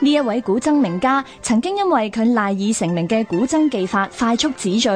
呢一位古箏名家，曾經因為佢賴以成名嘅古箏技法快速指序，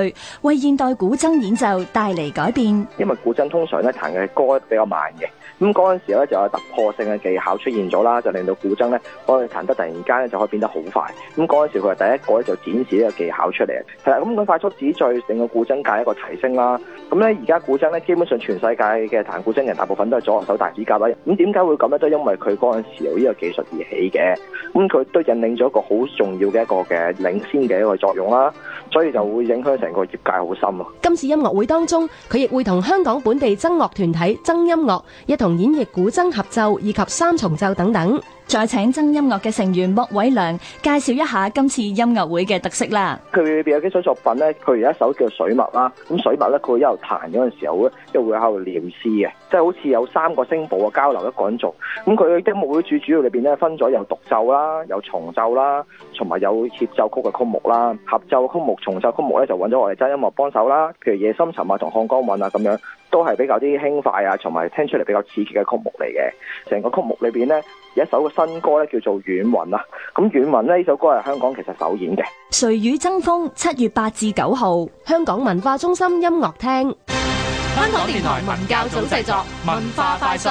為現代古箏演奏帶嚟改變。因為古箏通常咧彈嘅歌比較慢嘅，咁嗰陣時咧就有突破性嘅技巧出現咗啦，就令到古箏咧可以彈得突然間咧就可以變得好快。咁嗰陣時佢係第一個咧就展示呢個技巧出嚟，係啦。咁佢快速指序令到古箏界一個提升啦。咁咧而家古箏咧基本上全世界嘅彈古箏人大部分都係左手大指夾啦。咁點解會咁咧？都因為佢嗰陣時由呢個技術而起嘅。咁。佢都引領咗一個好重要嘅一個嘅領先嘅一個作用啦，所以就會影響成個業界好深啊！今次音樂會當中，佢亦會同香港本地箏樂團體箏音樂一同演繹古箏合奏以及三重奏等等。再請箏音樂嘅成員莫偉良介紹一下今次音樂會嘅特色啦。佢裏邊有幾首作品呢？佢有一首叫水《水墨》啦。咁水墨咧，佢一路彈嗰陣時候咧，又會喺度念詩嘅。即係好似有三個聲部啊，交流一個人做。咁佢嘅音樂會主主要裏面咧，分咗有獨奏啦，有重奏啦，同埋有，有協奏曲嘅曲目啦。合奏曲目、重奏曲目咧，就揾咗我哋真音樂幫手啦。譬如夜深沉啊，同漢江韻啊咁樣，都係比較啲輕快啊，同埋聽出嚟比較刺激嘅曲目嚟嘅。成個曲目裏面咧，有一首嘅新歌咧，叫做《遠雲》啊。咁《遠雲》咧呢首歌係香港其實首演嘅。誰與爭鋒，七月八至九號，香港文化中心音樂廳。香港電台文教組製作《文化快訊》。